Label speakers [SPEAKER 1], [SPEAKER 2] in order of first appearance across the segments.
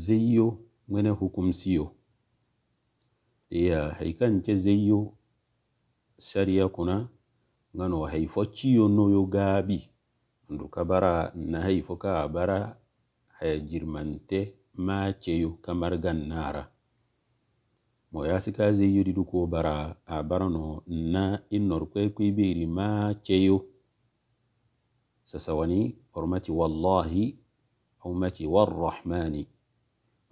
[SPEAKER 1] zeiyo ŋwene hukumsiyo iya haikante zeiyo sariya kuna ngano haifo ciyo noyo gabi ndu kabara na haifo ka bara haya jirmante maceyo kamar gannara mo yasika zeiyo didu ko bara abara no na innor kwe kuibiri maceyo sasa wani hormati wallahi au warrahmani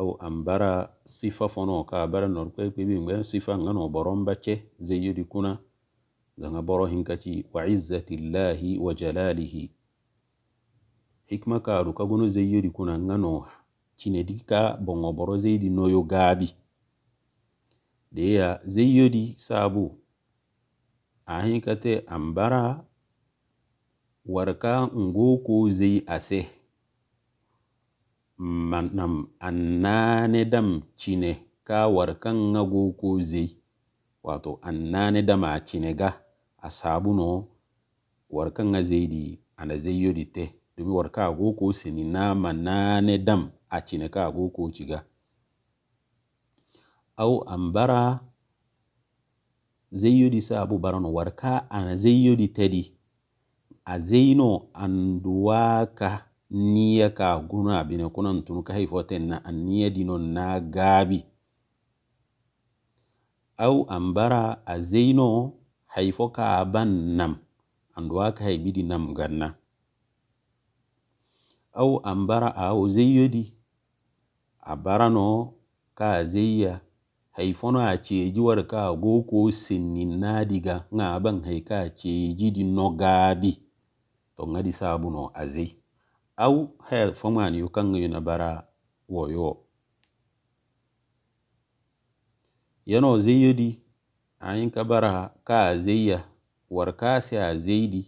[SPEAKER 1] aw ambara sifa fono ka bara nor ko ko bimbe sifa ngano borom bacce zeyudi kuna zanga boro hinkati wa izzati llahi wa jalalihi hikma karu ka gono zeyudi kuna ngano cine dika bongo boro zeyudi noyo gabi deya zeyudi sabu ahinkate ambara warka ngoko zeyi aseh nam ne dam cine ka war kanga go ko zai wato annaane dama cine ga a sabuno war kanga zeidi ana zeiyodi te domin war ka go ko sini na ne dam a cine ka go ko ga au ambara zeiyodi sabu barano war ka ana zeiyodi di a zai zeino ka. niya ka guna bine kuna tunu ka haifo ten na niya dino na gabi au ambara a zaino haifo ka ban nam duwa ka di nam ganna au ambara a o di a bara no ka haifo haifono a ceji war ka go ko sinnin na diga nga ban haika ceji di no gabi to ngadi no a zai aw hɛɛr fo ŋmaan yʋkaŋa na bara wa yɔ yɛnɔ zeya di a bara ka a zeya war kaasi a zeidi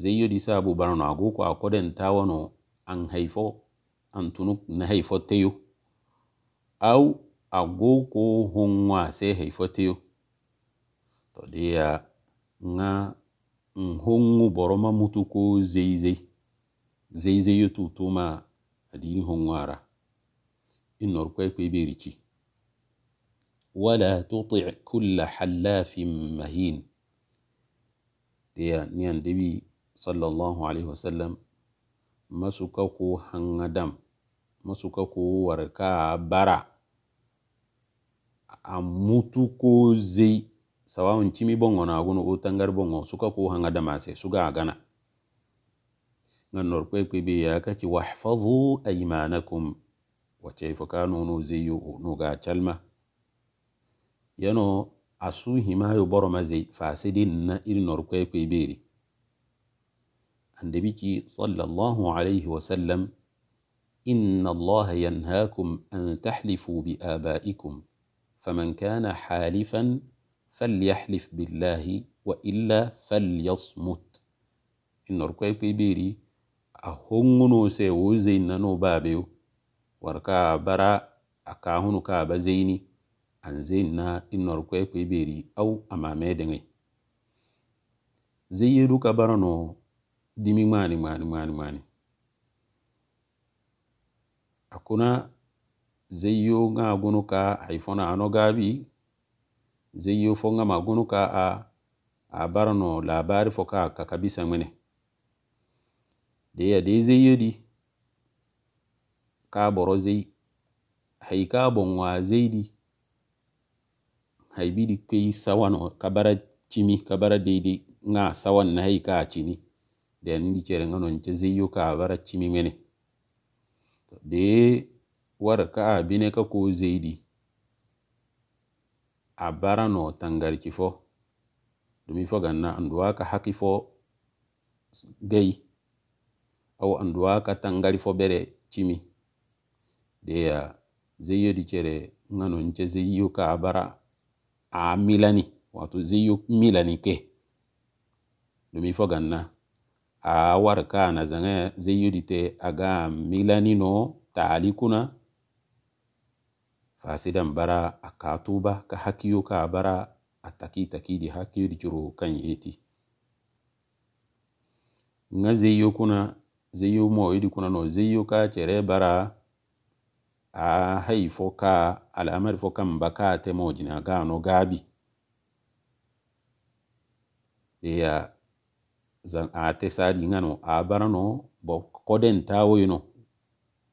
[SPEAKER 1] zeyo di saabu barano ago ko a koden tawano an haifo an tunuk na haifo teyo Au ago ko honwa sai haifo teyo to diya nga nhongu boroma mutu ko zeizei Zai zai zeizeyo tutuma adini honwara inor kwe kwe berici wala tuti kulla hallafin mahin ya niyan dabi sallallahu alaihi wasallam masu kako hangadam masu kako warka bara a mutu ko zai sawawun cimi bongo na gunu o tangar bongo suka ko a sai suga gana نور كوي كوي بيا كتي واحفظوا أيمانكم وتشيف كانوا نوزيو نوغا تشالما ينو أسو هما يبرو مزي فاسدين نا إل نور كوي بيري أندبيكي صلى الله عليه وسلم إن الله ينهاكم أن تحلفوا بآبائكم فمن كان حالفا فليحلف بالله وإلا فليصمت إن ركوي بيري a honguno se wo zein nano babeyo warka bara a kahunu ka ba zaini an zai na inor kwekwe beri au amame zai yi duka bara no dimi mani mani mani mani akuna zeyo nga gunu ka haifona ano gabi zai fo fonga magunu ka a a bara no labari fo ka kabisa mwene da ya dai zai yadi ka boro zei hay ka bonwa zeidi hay di kai sawano kabara cimi kabara deidei nga sawan na hai ka cini den ndi cere nga non zai ka bara cimi mene de war ka bine ka ko di a bara no tangarci fo dumi fo ganna anduwa ka haki fo gai aw anduwaka tangari fobere cimi deya zeyo di cere ngano nce zeyo ka abara a milani wato zeyo milani ke dumi foganna a war ka na zanga zeyo di te aga milani no taali kuna fasidan bara a katuba ka hakiyo ka abara a taki taki di hakiyo di curo kan yeti nga zeyo kuna zeyo mo idi kuna no zeyo ka chere bara a hai foka al'amari foka mbaka te mo jina gano gabi ya zan a te sadi ngano a bara no bo koden tawo yino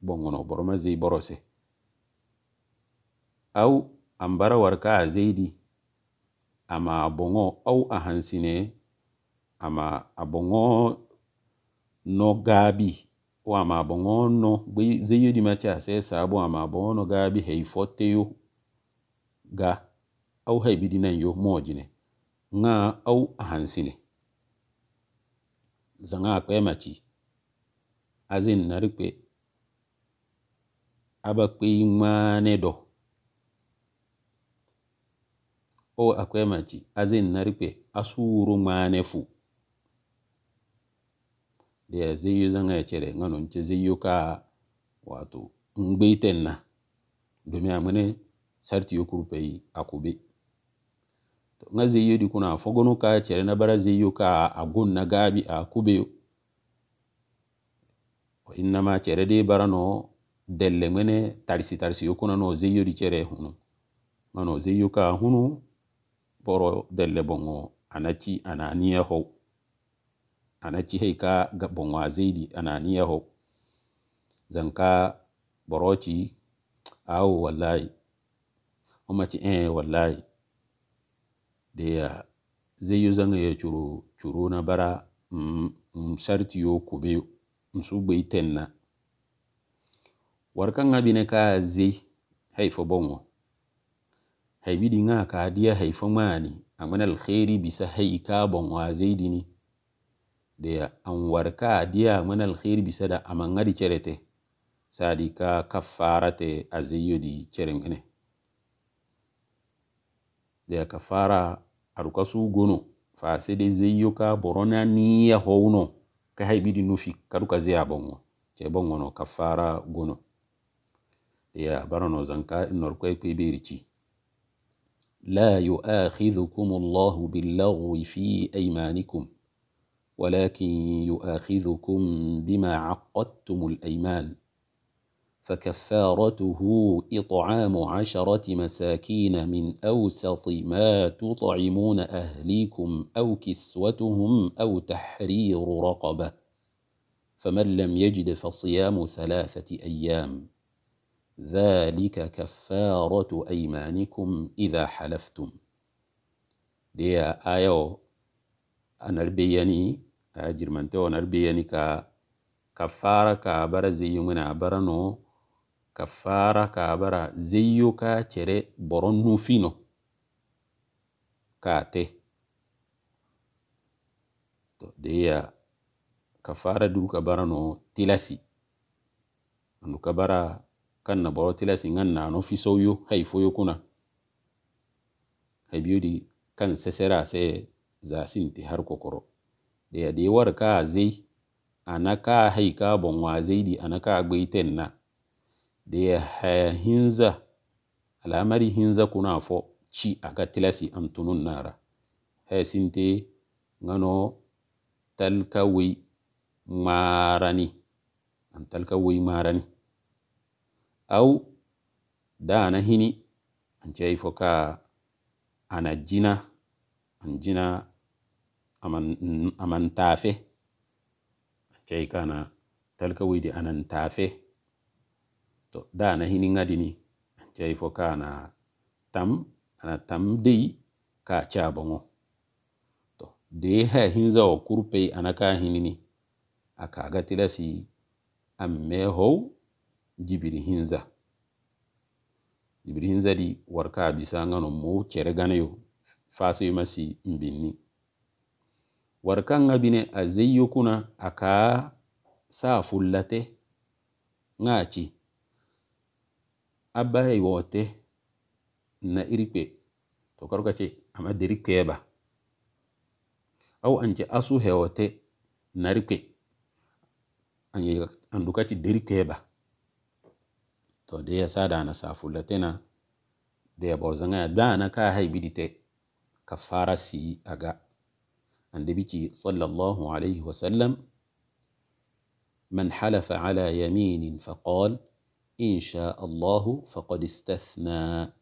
[SPEAKER 1] bongo no boroma boro se au ambara warka a zeidi ama bongo au a hansine ama abongo no gaabi o amaboŋono zeyodimati ase sabo gaa gaabi hei foteyo ga au hei bidinan yo mojine ŋa au ahansine zaŋa akpe maci azin narikpe aba kpei ŋmaane do o akpe maci azin narikpe asuuru ne fu ya zai yi zan ya e cire ganin ci zai yi ka wato in gbaitin na domin amini sarti yi kurfe yi a kube to nga zai yi dikuna a fagonu ka cire na bara zai yi ka a gun na gabi a kube wa inna ma cire dai bara no delle mene tarsi tarsi yi kuna no zai yi cire hunu ngano zai yi ka hunu boro delle bongo anaci ana niya hau ana ka heika bonwa zaidi ana niya ho zanka boroci awo wallahi ci eh wallahi da zai yi zanga ya curo curo na bara mm, mm, sarti yo kube su bai tenna warkan abi na ka zai haifa bonwa haibidi nga ka dia haifa mani amana alkhairi bisa haika bonwa zaidi ni de an warka dia mana alkhair bisada amangadi cerete sadi ka kafarate azeyodi ceremene de kafara aruka su gono fa sede zeyo ka borona niya howno ka di nufi karuka zeya bongo ce bongo no kafara gono ya barano zanka norkwe kwebirici لا يؤاخذكم الله باللغو fi aymanikum ولكن يؤاخذكم بما عقدتم الايمان فكفارته اطعام عشره مساكين من اوسط ما تطعمون اهليكم او كسوتهم او تحرير رقبه فمن لم يجد فصيام ثلاثه ايام ذلك كفاره ايمانكم اذا حلفتم دي ايو anarbeyani a jirmante o anarbeyani ka ka fara ka bara zeyo ŋene a bara no ka fara ka bara zeyo ka cere boro nufino ka te to deya ka fara duru ka bara no tilasi anu ka bara kan na boro tilasi ŋan nano fisoyo hayfoyo kuna haybiyodi kan sesera se zasin ti har kokoro ya dai war ka ana anaka haika bonwa zaidi anaka gbaiten na da ya hinza al'amari hinza kuna fo ci aka tilasi antunun nara hesinte ngano talkawi marani an talkawi marani au da na hini an ce ka ana jina an jina aman tafe cai kana talka wuidi anan tafe to da na hini ngadini cai fo kana tam ana tam de ka cha bongo to de ha hinza o kurpe ana ka hinini aka ga tilasi amme ho jibiri hinza jibiri hinza di warka bisanga no mo cere gane yo fasu yimasi mbinni warkan abine a zeyyukuna a kaa sa fullate ŋaaci abbayi wote na irikpe to karkace ama derikpeeba aw anje asu hewote narikpe andukaci derikpeeba to deya sa dana sa fullate na deya bozaŋaya dana kaa hay bidite kafara sii aga النبي صلى الله عليه وسلم من حلف على يمين فقال إن شاء الله فقد استثنى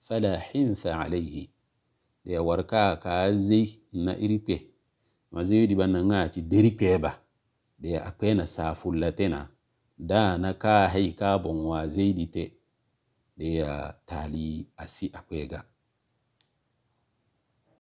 [SPEAKER 1] فلا حنث عليه de warka ka zei na iripe mazi di bana ngati deripe ba de apena safulla tena da na ka hai ka bon wa zei dite de tali asi akwega